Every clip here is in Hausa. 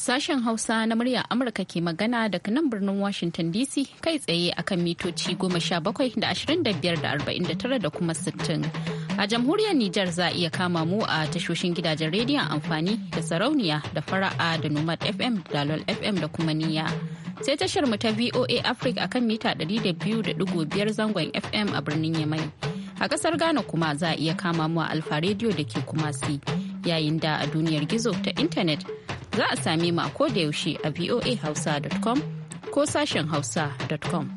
Sashen Hausa na murya Amurka ke magana daga nan birnin Washington DC kai tsaye akan mitoci 17 da 25 da 49 da kuma sittin A jamhuriyar Nijar za a iya kama mu a tashoshin gidajen rediyon amfani da sarauniya da fara'a da Nomad FM da Dalol FM da kuma niya Sai tashar mu ta VOA Africa akan mita 200.5 zangon FM a birnin Yamai. A kasar Ghana kuma za a iya kama mu a Alfa Radio da ke Kumasi. yayin da a duniyar gizo ta intanet za a same mu a yaushe a voahausa.com ko sashen hausa.com.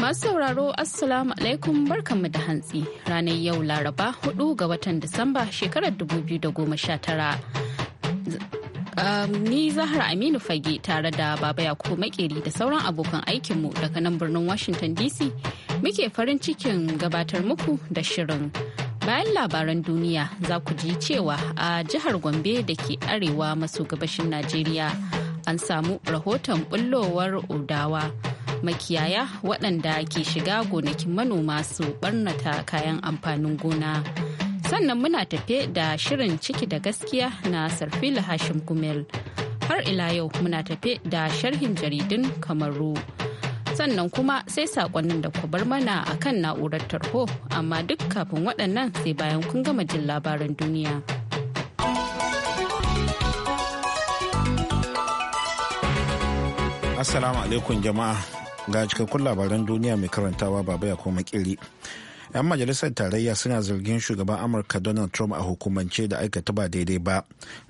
Masu sauraro Assalamu alaikum barkanmu da hantsi ranar yau Laraba 4 ga watan Disamba shekarar 2019. Um, ni Zahra Aminu Fage tare da Baba Yakubu Makeri da sauran abokan aikinmu daga nan birnin Washington DC muke farin cikin gabatar muku da shirin. Bayan labaran duniya za ku ji cewa a jihar Gombe da ke arewa maso gabashin Najeriya an samu rahoton bullowar Odawa. Makiyaya waɗanda ke shiga gonakin manoma su ɓarnata kayan amfanin gona. sannan muna tafe da shirin ciki da gaskiya na sarfila hashim gumel har ila yau muna tafe da sharhin jaridun kamaru sannan kuma sai sakonnin da ku bar mana a kan na'urar tarho amma duk kafin waɗannan sai bayan kun gama jin labaran duniya assalamu alaikum jama'a ga cikakkun labaran duniya mai karantawa baba ya koma kiri 'yan majalisar tarayya suna zargin shugaban amurka donald trump a hukumance da aikata ba daidai ba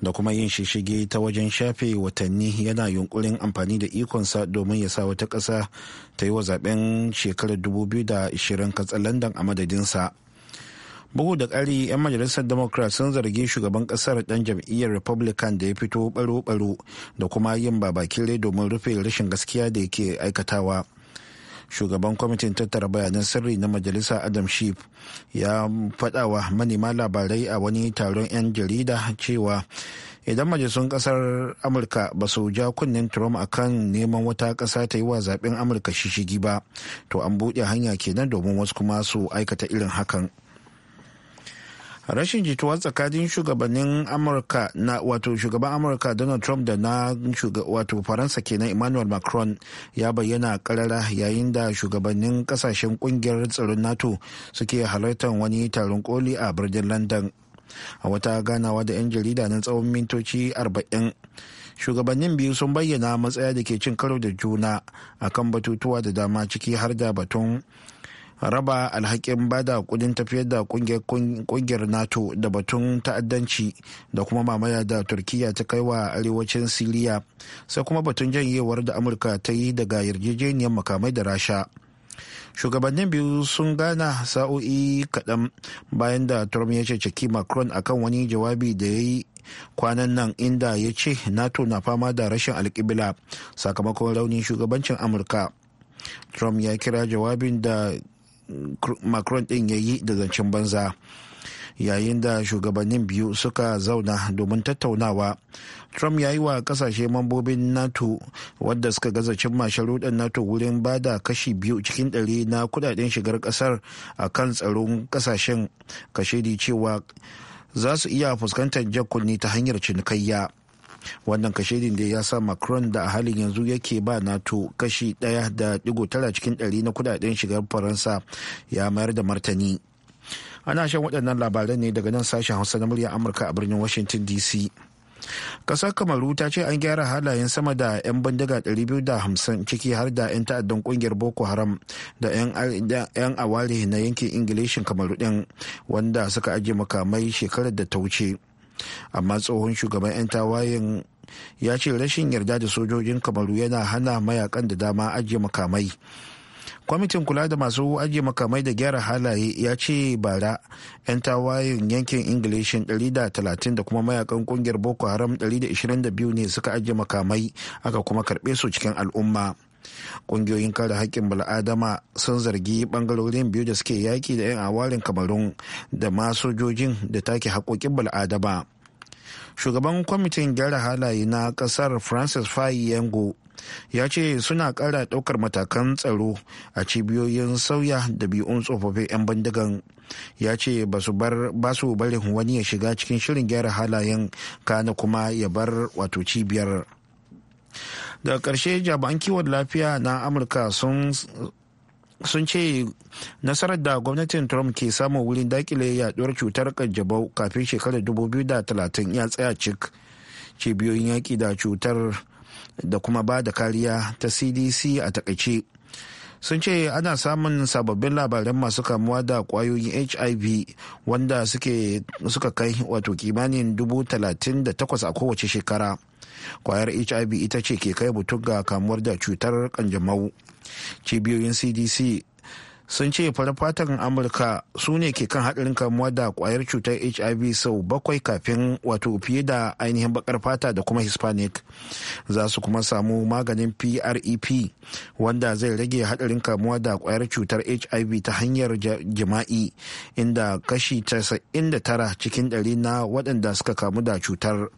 da kuma yin shishige ta wajen shafe watanni yana yunkurin amfani da ikonsa domin ya sa wata ƙasa ta yi wa zaben shekarar 2020 katsalandan a madadinsa bugu da ƙari 'yan majalisar democrat sun zargi shugaban ƙasar ɗan jam'iyyar republican da ya fito baro-baro da kuma yin rai domin rufe rashin gaskiya da yake aikatawa shugaban kwamitin tattara bayanan sirri na majalisa adam shif ya faɗawa manema labarai a wani taron 'yan jarida cewa idan majalisun kasar amurka ba su ja kunnen trump akan neman wata kasa ta yi wa zaben amurka shishigi ba to an buɗe hanya kenan domin wasu kuma su aikata irin hakan rashin jituwa tsakanin shugabannin amurka na wato shugaban amurka donald trump da na wato faransa kenan emmanuel macron ya bayyana karara yayin da shugabannin kasashen kungiyar tsaron nato suke halartar wani taron koli a birnin london a wata ganawa da 'yan jarida na tsawon mintoci 40 shugabannin biyu sun bayyana matsaya da ke cin karo da juna akan batutuwa da dama ciki har da batun raba alhakin bada kudin tafiyar da kungiyar nato da batun ta'addanci da kuma mamaya da turkiya ta kai wa arewacin siriya sai kuma batun janyewar da amurka ta yi daga yarjejeniyar makamai da rasha shugabannin biyu sun gana sa'o'i kaɗan bayan da trump ya ceceki macron akan wani jawabi da ya yi kwanan nan inda ya ce nato na fama da rashin alkibila sakamakon raunin shugabancin amurka trump ya kira jawabin da macron din ya yi da zancen banza yayin da shugabannin biyu suka zauna domin tattaunawa trump ya yi wa kasashe mambobin nato wadda suka gaza cimma sharuɗan nato wurin ba da kashi biyu cikin ɗari na kudaden shigar ƙasar a kan tsaron kasashen kashedi cewa za su iya fuskantar jakunni ta hanyar cinikayya wannan kashe da ya sa macron da a halin yanzu yake ba nato kashi daya da digo tara cikin dari na kudaden shigar faransa ya mayar da martani ana shan waɗannan labaran ne daga nan sashen hausa na murya amurka a birnin washington dc kasar kamaru ta ce an gyara halayen sama da 'yan bindiga 250 ciki har da 'yan ta'addan kungiyar boko haram da 'yan aware na yankin ingilishin kamaru din wanda suka ajiye makamai shekarar da ta wuce amma tsohon shugaban 'yan tawayen ya ce rashin yarda da sojojin kamaru yana hana mayakan da dama ajiye makamai kwamitin kula da masu ajiye makamai da gyara halaye ya ce bara 'yan tawayen yankin ingilishin 130 da kuma mayakan kungiyar boko haram 122 ne suka ajiye makamai aka kuma karbe su cikin al'umma ƙungiyoyin kare haƙƙin bal'adama sun zargi ɓangarorin biyu da suke yaƙi da 'yan awarin kamarun da ma sojojin da take haƙoƙin bal'adama shugaban kwamitin gyara halaye na ƙasar francis fayi yango ya ce suna ƙara ɗaukar matakan tsaro a cibiyoyin sauya da biyun tsofaffin 'yan bindigan ya ce ba su barin wani ya shiga cikin shirin gyara halayen kana kuma ya bar wato cibiyar daga ƙarshe jami'an kiwon lafiya na amurka sun sun ce nasarar da gwamnatin trump ke samun wurin dakile yaduwar cutar kanjabau kafin shekarar 2030 ya tsaya cik cibiyoyin yaƙi da cutar da kuma ba da kariya ta cdc a takaice sun ce ana samun sababbin labaran masu kamuwa da kwayoyin hiv wanda suka kai wato kimanin dubu talatin da takwas a kowace shekara kwayar hiv ita ce ke kai mutum ga kamuwar da cutar kanjamau cibiyoyin cdc sun ce farfatan amurka su ne ke kan haɗarin kamuwa da ƙwayar cutar hiv sau bakwai kafin wato fiye da ainihin bakar fata da kuma hispanic za su kuma samu maganin prep e wanda zai rage haɗarin kamuwa da ƙwayar cutar hiv ta hanyar jima'i inda kashi 99 cikin ɗari na waɗanda suka kamu da cutar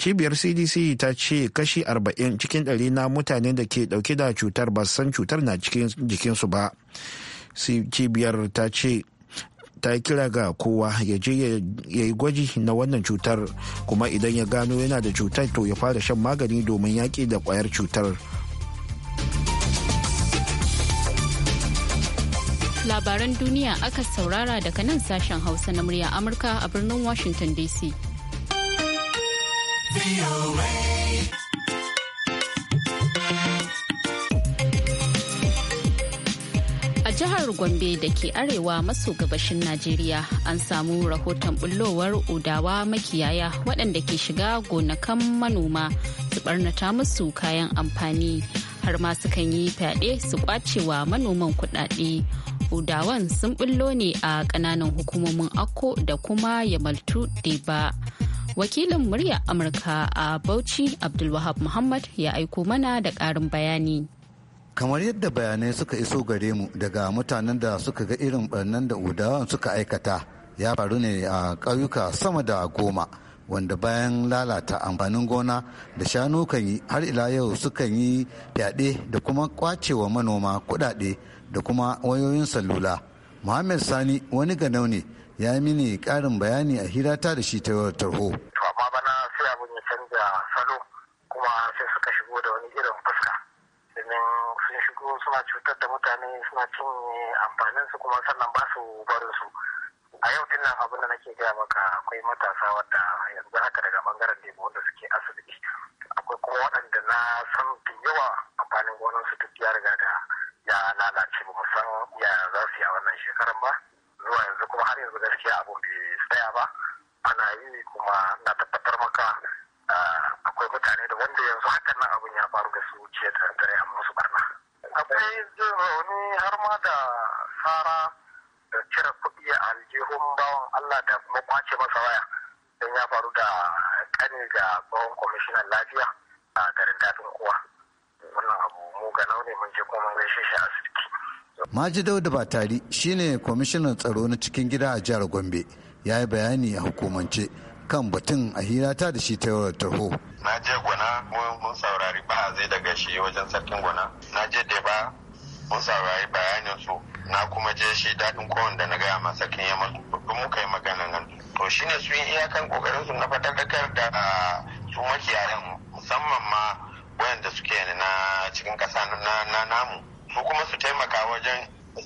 cibiyar cdc ta ce kashi 40 cikin ɗari na mutane da ke dauke da cutar ba san cutar na jikinsu ba cibiyar ta ce ta kira ga kowa ya je ya yi gwaji na wannan cutar kuma idan ya gano yana da cutar to ya fara shan magani domin yaƙi da ƙwayar cutar labaran duniya aka saurara daga nan sashen hausa na murya amurka a birnin washington dc A jihar Gombe da ke arewa maso gabashin Najeriya an samu rahoton bullowar udawa makiyaya waɗanda ke shiga gonakan manoma su barnata musu kayan amfani har ma sukan yi fyaɗe su kwacewa manoman kuɗaɗe. Udawan sun bullo ne a ƙananan hukumomin Akko da kuma Yamaltu Deba. ba. wakilin murya amurka a bauchi abdulwahab muhammad ya aiko mana da karin bayani kamar yadda bayanai suka iso gare mu daga mutanen da suka ga irin barnan da udawan suka aikata ya faru ne a ƙauyuka sama da goma wanda bayan lalata amfanin gona da shanu kan yi har ila yau sukan yi fyaɗe da kuma kwacewa manoma kuɗaɗe da kuma wayoyin salula muhammad sani wani ganau ne ya yi mini ƙarin bayani a hira ta da shi ta yawar tarho. To amma bana sai abin ya canja salo kuma sai suka shigo da wani irin fuska. Domin sun shigo suna cutar da mutane suna cinye amfaninsu kuma sannan ba su barin su. A yau din nan abin da nake gaya maka akwai matasa wadda yanzu haka daga bangaren lemo da suke asibiti. Akwai kuma waɗanda na san da yawa amfanin gonansu duk ya riga da ya lalace ba mu san ya za su yi a wannan shekaran ba. zuwa yanzu kuma har yanzu gaskiya abun bai tsaya ba ana yi kuma na tabbatar maka akwai mutane da wanda yanzu hakan nan abun ya faru da su ce da dare a musu barna akwai rauni har ma da sara da cire kuɗi a aljihun bawan Allah da kuma kwace masa waya don ya faru da kani ga tsohon kwamishinan lafiya a garin daɗin kowa wannan abu mu ga ne mun je kuma mun gaishe shi a asibiti Maji Dauda Batari shine kwamishinan tsaro na cikin gida a jihar Gombe ya yi bayani a hukumance kan batun a hirata da shi ta yawar tarho. Na je gwana mun saurari ba zai daga shi wajen sarkin gwana. Na je da ba mun saurari bayanin su na kuma je shi daɗin kowane da na gaya ma sarkin ya masu muka yi magana nan. To shine su yi iyakan kokarin su na fatakakar da su makiyayen musamman ma wayanda suke na cikin ƙasa na namu. su kuma su taimaka wajen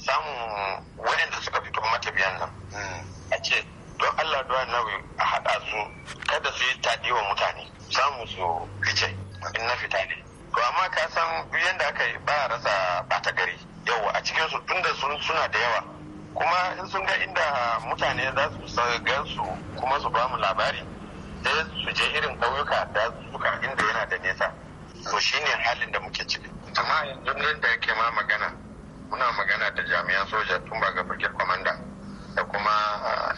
samun waɗanda suka fito matafiyan nan a ce don Allah duwa na a haɗa su kada su yi taɗi wa mutane samu su fice in na fita ne to amma ka san yadda aka yi ba rasa ɓata gari Yau, a cikin su tunda suna da yawa kuma in sun ga inda mutane za su gan su kuma su bamu labari sai su je irin ƙauyuka da suka inda yana da nesa to shine halin da muke ciki amma yanzu ne da yake ma magana muna magana da jami'an soja tun ba ga brigade kwamanda da kuma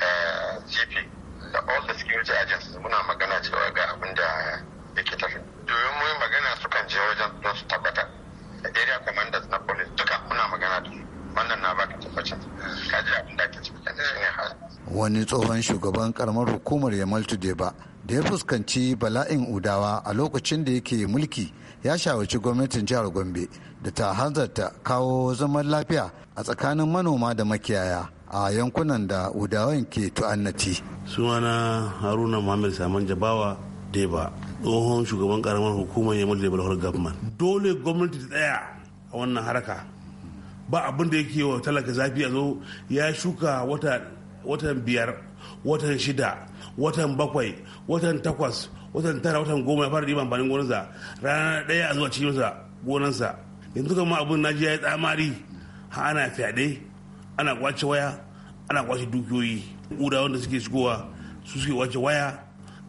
eh, gp da all the security agents muna magana cewa ga abin da yake tafi domin magana sukan je wajen don su tabbatar wani tsohon shugaban karamar hukumar yamal tude ba da ya fuskanci bala'in udawa a lokacin da yake mulki ya shawarci gwamnatin jihar gombe da ta hanzarta kawo zaman lafiya a tsakanin manoma da makiyaya a yankunan da udawan ke tu'annati sunana haruna muhammad saman jabawa deba tsohon shugaban karamar hukumar yamal tude balhar government dole gwamnati ta tsaya a wannan haraka ba abin da yake wa talaka zafi a zo ya shuka wata watan biyar watan shida watan bakwai watan takwas watan tara watan goma ya fara ɗiban amfanin gonarsa rana ɗaya a zuwa cikin gonarsa yanzu kama abun najiya ya yi tsamari ha ana fyaɗe ana kwace waya ana kwace dukiyoyi ƙuda wanda suke shigowa su suke kwace waya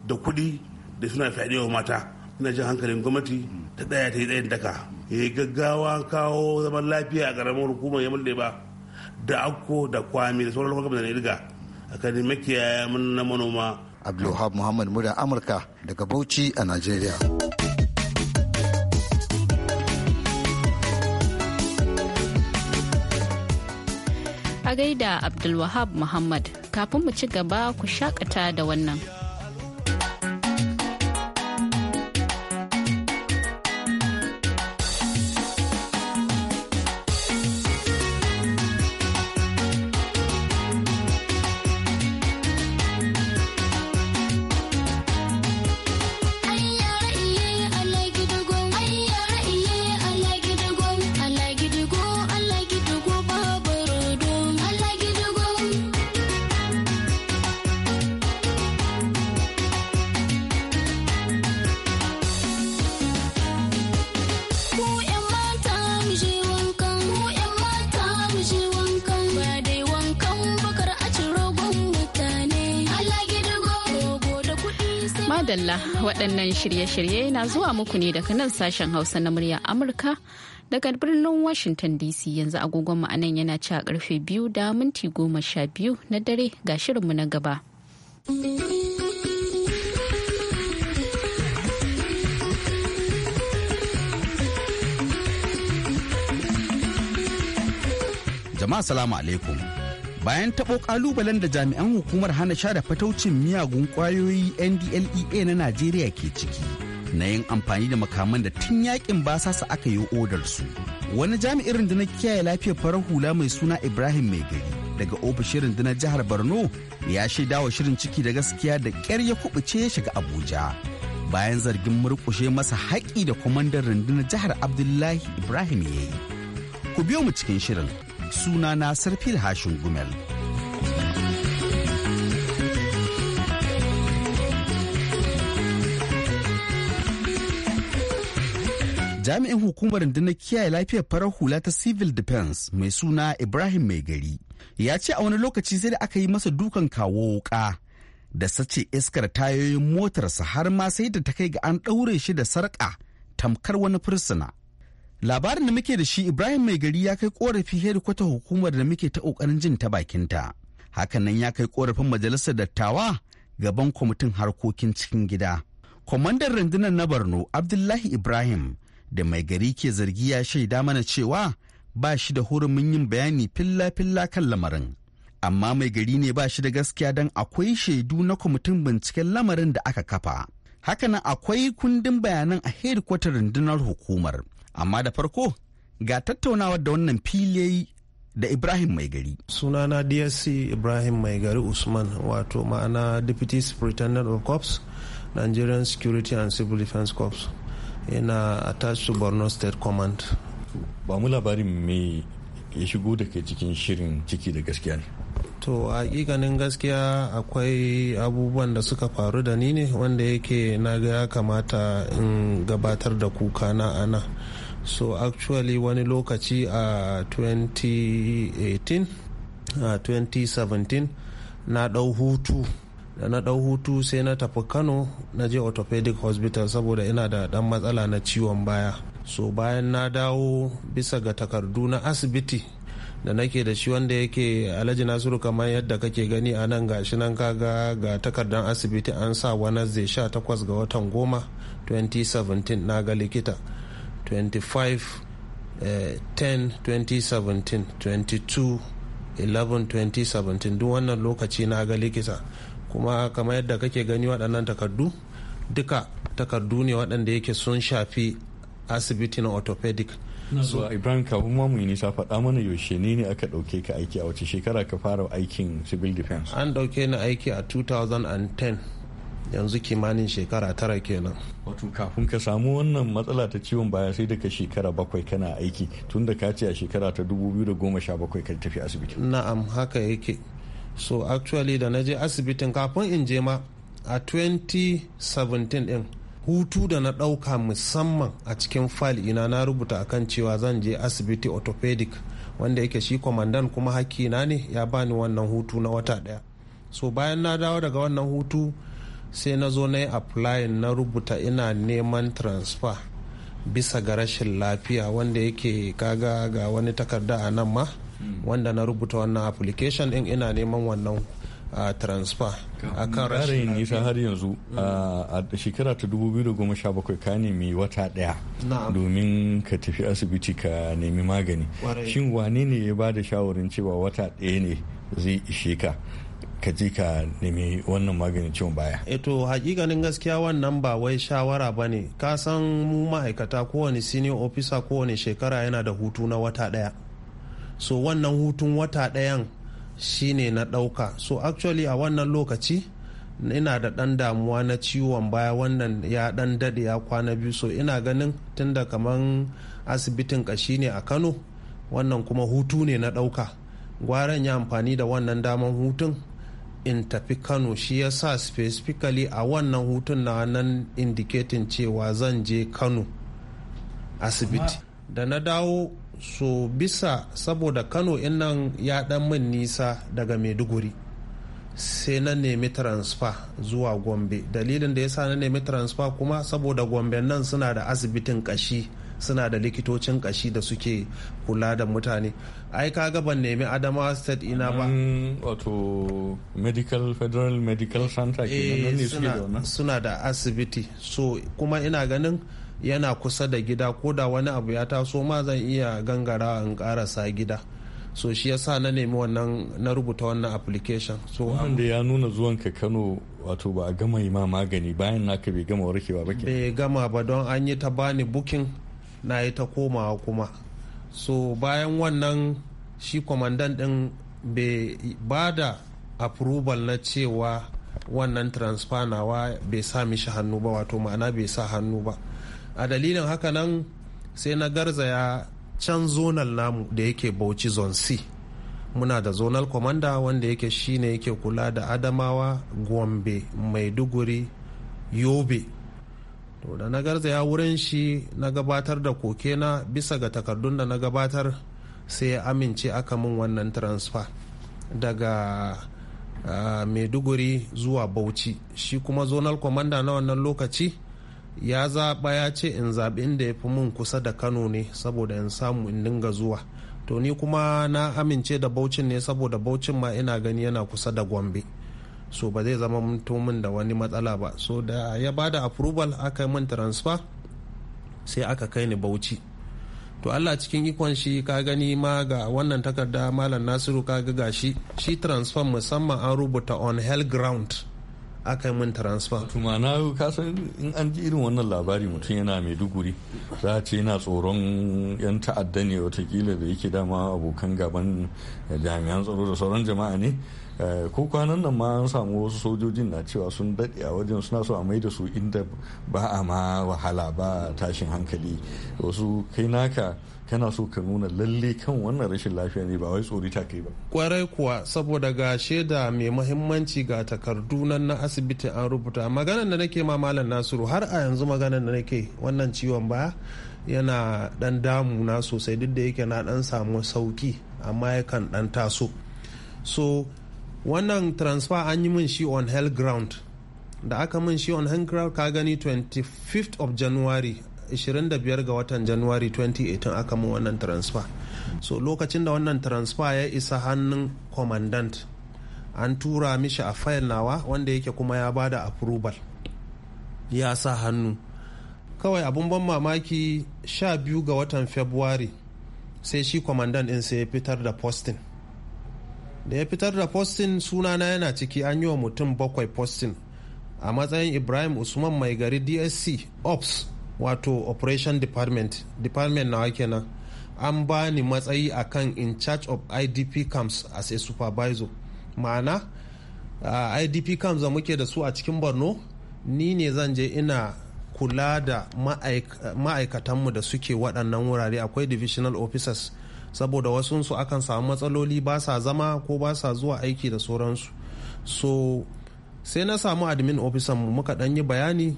da kuɗi da suna fyaɗe wa mata ina jin hankalin gwamnati ta ɗaya ta yi ɗayan daka ya yi gaggawa kawo zaman lafiya a ƙaramin hukumar yamma ba da akko da kwami da sauran lokacin da na riga a kan makiyaya mun na manoma abdulwahab muhammad muda amurka daga bauchi a Najeriya. a gaida abdulwahab muhammad kafin mu ci gaba ku shakata da wannan waɗannan shirye-shirye na zuwa muku ne daga nan sashen hausa na murya amurka daga birnin washington dc yanzu agogon ma'anan yana ci a karfe biyu da minti goma sha biyu na dare ga shirinmu na gaba jama'a salamu alaikum bayan taɓo ƙalubalen da jami'an hukumar hana sha da fataucin miyagun ƙwayoyi ndlea na najeriya ke ciki na yin amfani da makaman da tun yakin sa aka yi odar su wani jami'in rundunar kiyaye lafiyar farar hula mai suna ibrahim mai gari daga ofishin rundunar jihar borno ya shaidawa shirin ciki da gaskiya da ƙyar ya kubuce ya shiga abuja bayan zargin murƙushe masa haƙi da kwamandan rundunar jihar abdullahi ibrahim ya yi ku biyo mu cikin shirin suna na sarfil hashin gumel. jami'in hukumar na kiyaye lafiyar farar hula ta civil defense mai suna ibrahim mai gari ya ce a wani lokaci sai da aka yi masa dukan kawo wuka da sace iskar tayoyin motarsa har ma sai da ta kai ga an ɗaure shi da sarƙa tamkar wani fursuna labarin da muke da shi ibrahim mai gari ya kai korafi hedikwata hukumar da muke ta kokarin jin ta bakinta hakanan ya kai korafin majalisar dattawa gaban kwamitin harkokin cikin gida kwamandan rundunar na borno abdullahi ibrahim da mai gari ke zargi ya shaida mana cewa ba shi da hurumin yin bayani filla-filla kan lamarin amma mai gari ne ba shi da gaskiya don akwai shaidu na kwamitin binciken lamarin da aka kafa hakanan akwai kundin bayanan a hedikwatar rundunar hukumar amma da farko ga tattaunawar da wannan fili da Ibrahim Mai Gari. Sunana DSC Ibrahim Mai Gari Usman wato ma'ana Deputy Superintendent of Corps, Nigerian Security and Civil Defense Corps. Yana attached to Borno State Command. Ba mu labarin me ya shigo da ke cikin shirin ciki da gaskiya ne. To hakikanin gaskiya akwai abubuwan da suka faru da ni ne wanda yake na ga ya kamata in gabatar da kuka na ana. so actually wani lokaci a 2018 a 2017 na dau hutu da na ɗau hutu sai na tafi kano na je orthopedic hospital saboda ina da ɗan matsala na ciwon baya so bayan na dawo bisa ga takardu na asibiti da nake da shi wanda yake alhaji nasiru kamar yadda kake gani a nan gashi nan kaga ga takardar asibiti an sa wani zai takwas ga watan goma 2017 na ga likita 25 10 2017 22 11 2017 duk wannan lokaci na ga likita kuma kamar yadda kake gani waɗannan takardu duka takardu ne waɗanda yake sun shafi asibiti na orthopedic so ibrahim kafin ma mu nisa faɗa mana yaushe ne ne aka ɗauke ka aiki a wace shekara ka fara aikin civil defense an ɗauke ni aiki a 2010 yanzu kimanin shekara tara kenan wato kafin ka samu wannan matsala ta ciwon baya sai daga shekara bakwai kana aiki tun da ka ce a shekara ta 2017 ka tafi asibiti na'am haka yake so actually da na je asibitin kafin in je ma a 2017 din hutu da na ɗauka musamman a cikin fal ina na rubuta akan cewa zan je asibiti orthopedic wanda yake shi kwamandan kuma hakina ne ya bani wannan hutu na wata ɗaya so bayan na dawo daga wannan hutu sai na zo na yi apply na rubuta ina neman transfer bisa ga rashin lafiya wanda yake kaga ga wani takarda a nan ma wanda na rubuta wannan application din ina neman wannan a transfer a kan rashin nisa har yanzu a mm. shekara ta 2017 ka nemi wata daya domin ka tafi asibiti ka nemi magani shin wane ne ya bada da shawarin cewa wata daya ne zai ishe ka ka je ka nemi wannan maganin ciwon baya. Eto eh hakikanin gaskiya wannan ba wai shawara ba ne ka san mu ma'aikata kowane senior officer kowane shekara yana da hutu na wata ɗaya. So wannan hutun wata ɗayan shine na ɗauka. So actually a wannan lokaci ina da ɗan damuwa na ciwon baya wannan ya ɗan daɗe ya kwana biyu so ina ganin tunda kaman asibitin ƙashi ne a Kano wannan kuma hutu ne na ɗauka. Gwaran ya amfani da wannan daman hutun in tafi kano shi ya sa specifically a wannan hutun na nan indicating cewa zan je kano asibiti da na dawo so bisa saboda kano in nan ya dan min nisa daga maiduguri sai na nemi transfer zuwa gombe dalilin da ya sa na nemi transfer kuma saboda gombe nan suna da asibitin kashi suna da likitocin kashi da suke kula da mutane ai kaga ban nemi adama state ina ba mm, wato medical federal medical center ke eh, suna, suna da asibiti so kuma ina ganin yana kusa da gida ko da wani abu ya taso ma zan iya gangara in karasa gida so shi yasa na nemi wannan na rubuta wannan application so wanda ya nuna zuwan ka kano wato ba a gama yi ma magani bayan naka bai gama warkewa ba bai gama ba don an yi ta bani bukin na yi ta komawa kuma so bayan wannan shi kwamandan din bai ba da approval na cewa wannan transfer nawa bai sa mishi hannu ba wato ma'ana bai sa hannu ba a dalilin haka nan sai na garza ya can zonal namu da yake bauchi zone c muna da zonal commander wanda yake shine yake kula da adamawa gombe maiduguri yobe to da na ya wurin shi na gabatar da koke na bisa ga takardun da na gabatar sai ya amince aka min wannan transfer daga maiduguri zuwa bauchi shi kuma zonal commander na wannan lokaci ya zaɓa ya ce in zaɓi inda ya fi mun kusa da kano ne saboda in samu in dinga zuwa to ni kuma na amince da bauchin ne saboda bauchin ma ina gani yana kusa da gombe so ba zai zama mun da wani matsala ba so da ya ba da approval aka yi min transfer sai aka kai ni bauchi to allah cikin ikon shi ka gani ma ga wannan takarda malam nasiru ka ga shi shi transfer musamman an rubuta on hell ground aka yi min transfer tuma na kasan in an ji irin wannan labari mutum yana maiduguri za a ce yana tsoron yan ta'adda ne watakila da yake dama abokan gaban jami'an tsaro da sauran jama'a ne eh, ko kwanan nan ma an samu wasu sojojin na cewa sun daɗe a wajen suna so a mai da su inda ba a ma wahala ba tashin hankali wasu kai naka kana so ka nuna lalle kan wannan rashin lafiya ne ba wai tsori ta kai ba kwarai kuwa saboda ga shaida mai mahimmanci ga takardu nan na asibiti an rubuta maganan da nake ma malam nasiru har a yanzu magana da nake wannan ciwon ba yana dan damuna sosai duk da yake na dan samu sauki amma yakan dan taso so wannan transfer an yi min shi on health ground da aka min shi on health ground ka gani 25th of january 25 ga watan january 2018 aka mun wannan transfer so lokacin da wannan transfer ya isa hannun commandant an tura mishi a fayil nawa wanda yake kuma ya bada approval ya sa hannu kawai abun ban mamaki 12 ga watan february sai shi commandant din sai ya fitar da postin da ya fitar da postin sunana yana ciki an yi wa mutum bakwai postin a matsayin ibrahim usman mai gari dsc ops wato operation department department nawa kenan an ba ni matsayi kan in charge of idp camps as a supervisor ma'ana uh, ah, idp camps da muke da su a cikin borno ni ne zan je ina kula da ma'aikatanmu da suke waɗannan wurare akwai divisional officers saboda wasunsu akan samu matsaloli ba sa zama ko ba sa zuwa aiki da sauransu so sai na samu admin officer mu muka ɗan yi bayani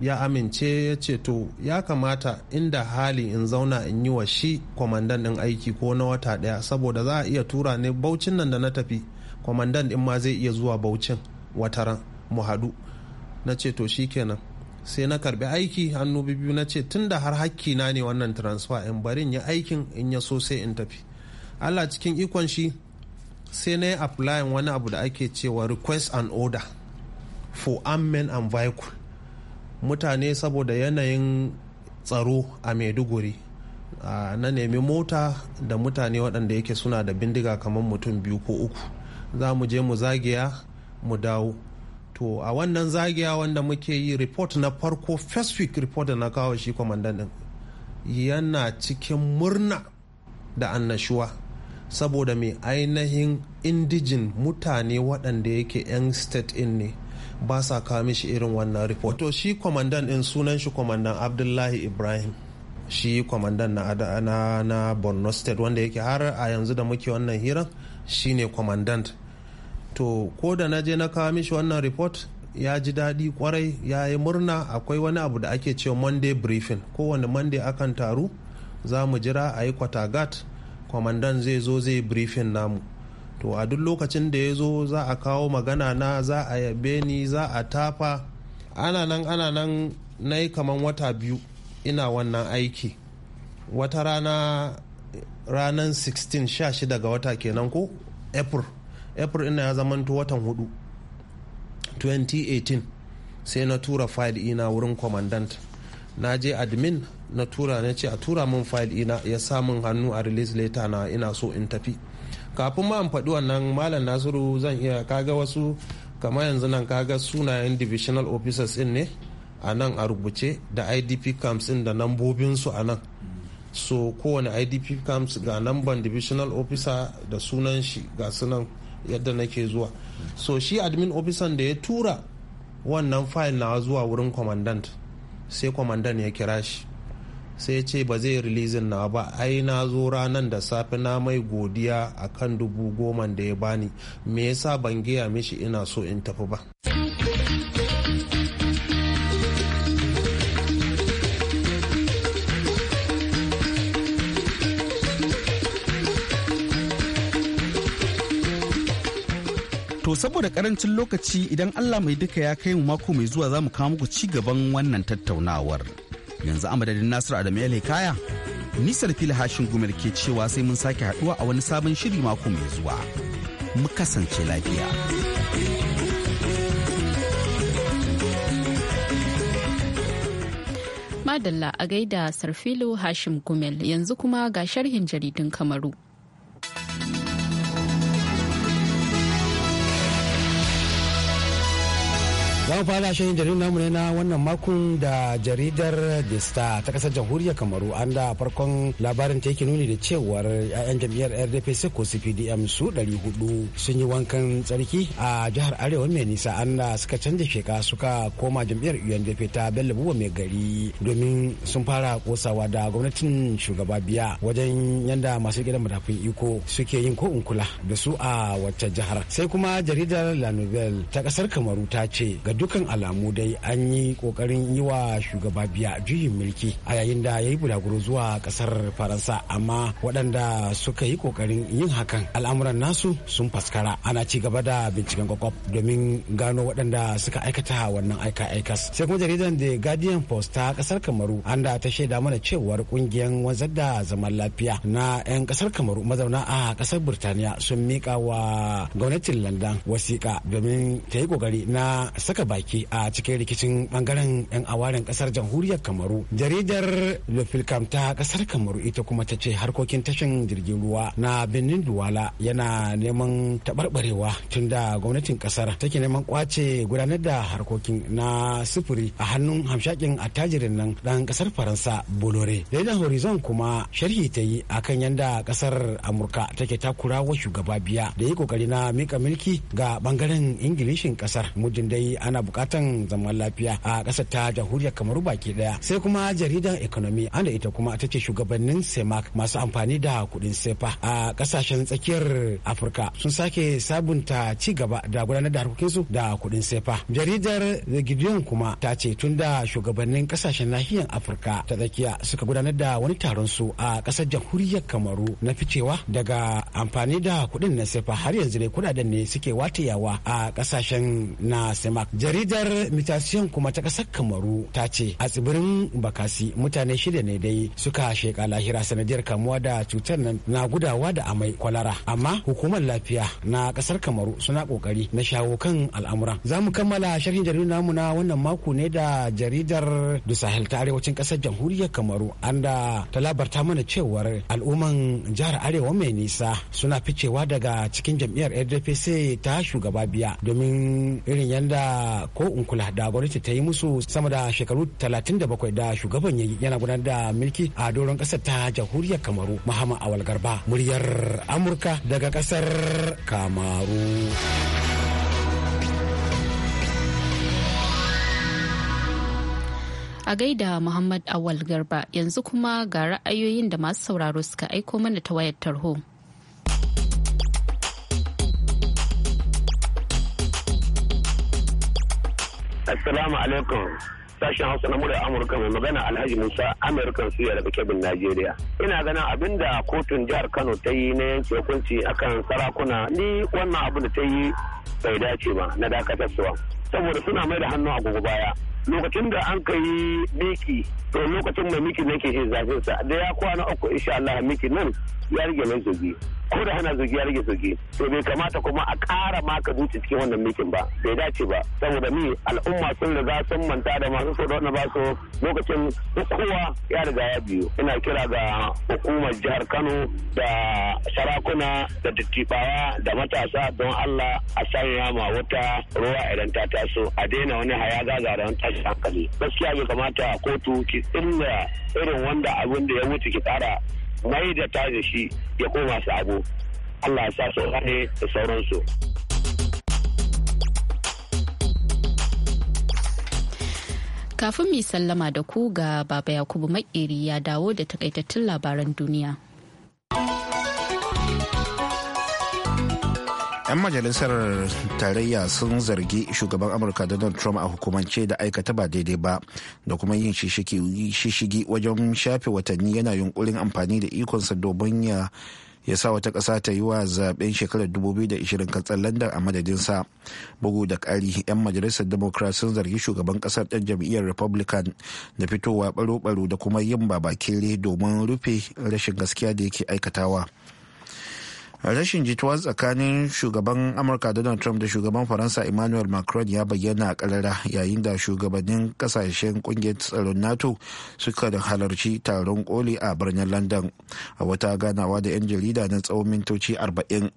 ya amince ya ce to ya kamata inda hali in zauna in yi wa shi kwamandan ɗin aiki ko na wata ɗaya saboda za a iya tura ne baucin nan da na tafi kwamandan ɗin ma zai iya zuwa baucin wataran mu haɗu na ce to shi kenan sai na karbi aiki hannu biyu na ce tun da har hakki na ne wannan transfer in barin ya aikin in ya so sai in tafi allah cikin ikon shi sai na yi applying wani abu da ake cewa request and order for armen and vehicle mutane saboda yanayin tsaro a maiduguri na nemi mota da mutane waɗanda yake suna da bindiga kamar mutum biyu ko uku za mu je mu zagiya mu dawo to a wannan zagiya wanda muke yi report na farko first week report da na kawo shi kwamandan din yana cikin murna da annashuwa saboda mai ainihin indijin mutane waɗanda yake 'yan state in ne ba sa kawo mishi irin wannan report to shi kwamandan din sunan shi kwamandan abdullahi ibrahim shi kwamandan na, na, borno state wanda yake har a yanzu da muke wannan hiran shine kwamandant to ko da na je na kawo mishi wannan report ya ji daɗi kwarai ya yi murna akwai wani abu da ake cewa monday briefing kowane monday akan taru za mu jira a yi kwatagat kwamandan zai zo zai briefing namu to a duk lokacin da ya zo za a kawo magana na za a yabe ni za a tafa ana nan ana nan na yi kaman wata biyu ina wannan aiki wata rana ranar 16 16 ga wata kenan ko april april ina ya zamanto watan hudu 2018 sai na tura fayil ina wurin kwamandant na je admin na tura na ce a tura min fayil ina ya samun hannu a release letter na ina so in tafi kafin ma faɗi wannan malam nasiru zan iya kaga wasu kamar yanzu nan kaga sunayen divisional officers in ne a nan a rubuce da idp camps in da nambobinsu a nan so kowane idp camps ga namban divisional officer da sunan shi ga sunan yadda nake zuwa so shi admin officer da ya tura wannan fayil na zuwa wurin commandant sai commandant ya kira shi sai ce ba zai rilizin na ba ai na zo ranar da safe na mai godiya a kan dubu goma da ya bani me yasa ban gaya mishi ina so in tafi ba To saboda karancin lokaci idan Allah mai duka ya kai mu mako mai zuwa za mu kawo muku ci gaban wannan tattaunawar. yanzu a madadin nasiru adam ya kaya nisar fili hashin gumel ke cewa sai mun sake haɗuwa a wani sabon shiri mako mai zuwa mu kasance lafiya madalla a gaida sarfilo hashim gumel yanzu kuma ga sharhin jaridun kamaru za mu fara shirin jaridar namu ne na wannan makon da jaridar the star ta kasar jamhuriyar kamaru an da farkon labarin ta yake nuni da cewar 'ya'yan jam'iyyar rdpc ko cpdm su 400 sun yi wankan tsarki a jihar arewa mai nisa an da suka canza sheka suka koma jam'iyyar undp ta bello buwa mai gari domin sun fara kosawa da gwamnatin shugaba biya wajen yanda masu gidan matafin iko suke yin ko kula da su a wata jihar sai kuma jaridar la nouvelle ta kasar kamaru ta ce ga dukkan alamu dai an yi kokarin yi wa shugaba biya juyin mulki a yayin da ya yi bulaguro zuwa kasar faransa amma waɗanda suka yi kokarin yin hakan al'amuran nasu sun faskara ana ci gaba da binciken kwakwaf domin gano waɗanda suka aikata wannan aika aikas sai kuma jaridan the guardian post ta kasar kamaru an da ta shaida mana cewar ƙungiyar wanzar da zaman lafiya na 'yan kasar kamaru mazauna a kasar birtaniya sun mika wa gwamnatin landan wasiƙa domin ta yi kokari na saka ta baki a cikin rikicin bangaren 'yan awaren kasar jamhuriyar kamaru jaridar le ta kasar kamaru ita kuma ta ce harkokin tashin jirgin ruwa na birnin duwala yana neman taɓarɓarewa tun da gwamnatin kasar take neman kwace gudanar da harkokin na sufuri a hannun hamshakin attajirin nan dan kasar faransa bolore jaridar horizon kuma sharhi ta yi kan yanda kasar amurka take takura wa shugaba biya da yi kokari na mika milki ga bangaren ingilishin kasar mujin dai an ana bukatan zaman lafiya a kasar ta jamhuriyar kamaru baki daya sai kuma jaridan economy anda ita kuma ta ce shugabannin semak masu amfani da kuɗin sefa a kasashen tsakiyar afirka sun sake sabunta ci gaba da gudanar da su da kuɗin sefa jaridar the gideon kuma ta ce tun da shugabannin kasashen nahiyar afirka ta tsakiya suka gudanar da wani taron su a ƙasar jamhuriyar kamaru na ficewa daga amfani da kuɗin na sefa har yanzu ne kudaden ne suke watayawa a kasashen na semak jaridar mutation kuma ta kasar kamaru ta ce a tsibirin bakasi mutane shida ne dai suka sheka lahira sanadiyar kamuwa da cutar nan na gudawa da amai kwalara amma hukumar lafiya na kasar kamaru suna kokari na shawo kan al'amuran za mu kammala sharhin jaridar namu na wannan mako ne da jaridar du sahel ta arewacin kasar jamhuriyar kamaru an da ta labarta mana cewar al'umman jihar arewa mai nisa suna ficewa daga cikin jam'iyyar rdpc ta shugaba biya domin irin yadda ko in kula da gwamnati ta yi musu sama da shekaru 37 da shugaban yayi yana gudanar da mulki a doron ƙasar ta jamhuriyar kamaru muhammad awal garba muryar amurka daga kasar kamaru a gaida muhammad awal garba yanzu kuma ga ra'ayoyin da masu sauraro suka aiko mana ta wayar tarho Assalamu alaikum. Sashen Hausa na murar Amurka mai magana Alhaji Musa Amurkan suya daga Kebin Najeriya. Ina ganin abin da kotun jihar Kano ta yi na yanke hukunci akan sarakuna ni wannan abu da ta yi bai dace ba na dakatarsuwa. Saboda suna mai da hannu a gugu baya. lokacin da an ka yi miki to lokacin mai miki nake jin zafin sa da ya kwana uku insha Allah miki nan ya rage mai zogi ko da hana zogi ya rage zogi to bai kamata kuma a ƙara maka ka zuci cikin wannan mikin ba bai dace ba saboda mi al'umma sun riga sun manta da masu so da wannan ba lokacin kowa ya riga ya biyo ina kira ga hukumar jihar Kano da sarakuna da dattibawa da matasa don Allah a sanya ma wata ruwa idan ta taso a daina wani haya ga da wani tashin hankali gaskiya bai kamata kotu ki tsilla irin wanda abin da ya wuce ki tsara mai da ta da shi ya koma su abu Allah ya sa hane da sauransu. Kafin mai sallama da ku ga Baba Yakubu Makeri ya dawo da takaitattun labaran duniya. 'yan majalisar tarayya sun zargi shugaban amurka donald trump a hukumance da aikata ba daidai ba da kuma yin shishigi wajen shafe watanni yana yunkurin amfani da ikonsa domin ya sa wata ƙasa ta yi wa zaben shekarar 2020 katsan landan a madadinsa bugu da ƙari 'yan majalisar democrat sun zargi shugaban ƙasar ɗan jam'iyyar republican da fitowa baro-baro da kuma yin babakere domin rufe rashin gaskiya da yake aikatawa. rashin jituwa tsakanin shugaban amurka donald trump da shugaban faransa emmanuel macron ya bayyana a karara yayin da shugabannin kasashen kungiyar tsaron nato suka halarci taron koli a birnin london a wata ganawa da 'yan jarida na tsawon mintoci 40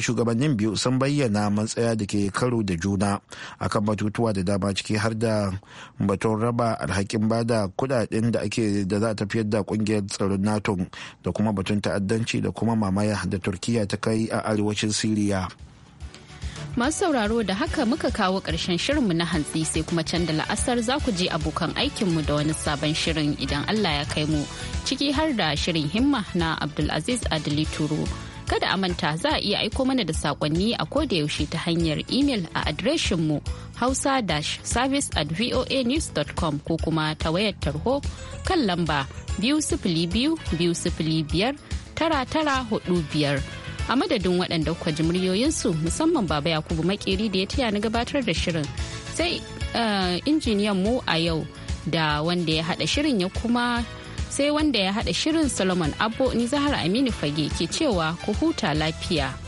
shugabannin biyu sun bayyana matsaya da ke karo da juna akan batutuwa da dama ciki har da batun raba alhakin bada kudaden da ake da za ta tafiyar da kungiyar tsaron nato da kuma batun ta'addanci da kuma mamaya da turkiya ta kai a arewacin siriya Masu sauraro da haka muka kawo ƙarshen shirinmu na hantsi sai kuma can da la'asar za ku je abokan aikinmu da wani sabon shirin idan Allah ya kai mu ciki har da shirin himma na Abdulaziz Adili Turo. Kada a manta za a iya aiko mana da sakonni a yaushe ta hanyar imel a adireshinmu hausa-service at voanews.com ko kuma ta wayar tarho kan lamba biyu sifili biyu biyu biyar tara tara hudu biyar. a madadin waɗanda kuka ji muryoyinsu musamman baba yakubu makeri da ya taya na gabatar da shirin sai eh, injiniyan mu a yau da wanda ya haɗa shirin ya kuma sai wanda ya haɗa shirin solomon abbo ni zahara aminu fage ke cewa ku huta lafiya.